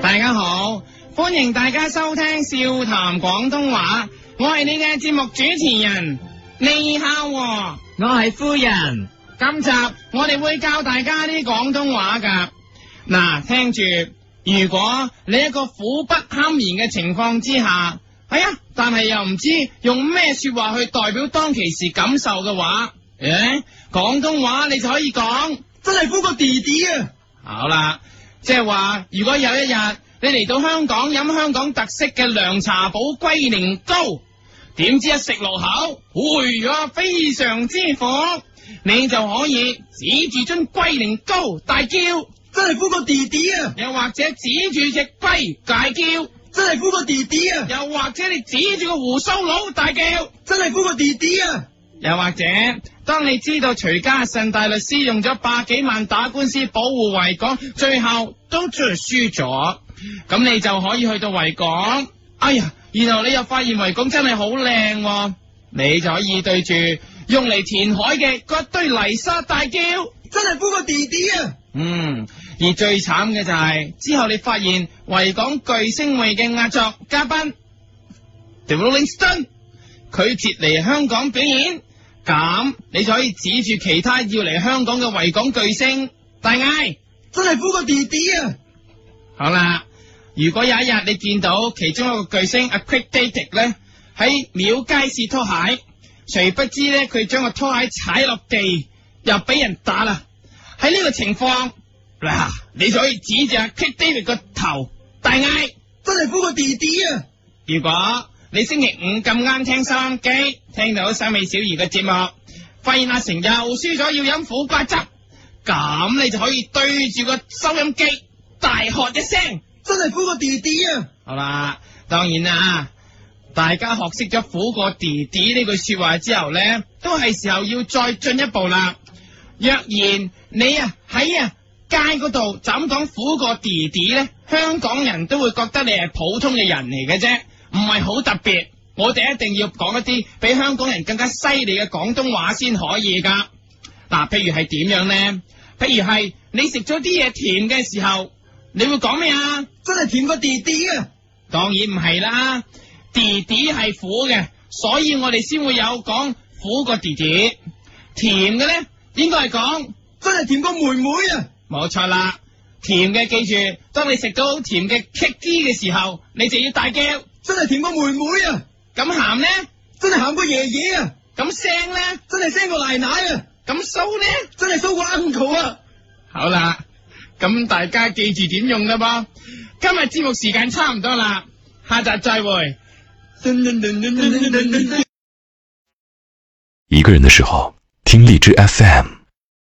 大家好，歡迎大家收聽笑談廣東話，我係你嘅節目主持人利孝，你哦、我係夫人。今集我哋會教大家啲廣東話噶，嗱、啊，聽住。如果你一個苦不堪言嘅情況之下，係、哎、啊，但係又唔知用咩說話去代表當其時感受嘅話，誒、哎，廣東話你就可以講，真係苦過 Dee Dee 啊！好啦。即係話，如果有一日你嚟到香港飲香港特色嘅涼茶寶龜苓膏，點知一食落口，哎呀非常之火，你就可以指住樽龜苓膏大叫真係苦過 Dee Dee 啊！又或者指住隻龜大叫真係苦過 Dee Dee 啊！又或者你指住個胡鬚佬大叫真係苦過 Dee Dee 啊！又或者。當你知道徐家信大律師用咗百幾萬打官司保護維港，最後都仲係輸咗，咁你就可以去到維港，哎呀，然後你又發現維港真係好靚，你就可以對住用嚟填海嘅嗰堆泥沙大叫，真係苦過 Dee Dee 呀！嗯，而最慘嘅就係、是、之後你發現維港巨星匯嘅壓軸嘉賓，The Rolling Stones，佢接嚟香港表演。咁你就可以指住其他要嚟香港嘅維港巨星大嗌，真係苦過 Dee Dee 啊！好啦，如果有一日你見到其中一個巨星阿 Craig David 咧喺廟街試拖鞋，誰不知咧佢將個拖鞋踩落地，又俾人打啦。喺呢個情況嗱、啊，你就可以指住阿 Craig David 個頭，大嗌，真係苦過 Dee Dee 啊！如果。你星期五咁啱聽收音機，聽到森美小儀嘅節目，發現阿成又輸咗要飲苦瓜汁，咁你就可以對住個收音機大喝一聲，真係苦過弟弟啊！好啦，當然啦、啊，大家學識咗苦，苦過弟弟呢句說話之後咧，都係時候要再進一步啦。若然你啊喺啊街嗰度就咁講苦過弟弟咧，香港人都會覺得你係普通嘅人嚟嘅啫。唔係好特別，我哋一定要講一啲比香港人更加犀利嘅廣東話先可以噶。嗱、啊，譬如係點樣呢？譬如係你食咗啲嘢甜嘅時候，你會講咩啊？真係甜過弟弟啊！當然唔係啦，弟弟係苦嘅，所以我哋先會有講苦過弟弟。甜嘅咧，應該係講真係甜過妹妹啊！冇錯啦，甜嘅記住，當你食到好甜嘅 kiwi 嘅時候，你就要大叫。真係甜過妹妹啊！咁鹹呢？真係鹹過爺爺啊！咁腥呢？真係腥過奶奶啊！咁騷呢？真係騷過 uncle 啊。好啦，咁大家記住點用啦噃。今日節目時間差唔多啦，下集再會。一個人嘅時候，聽荔枝 FM。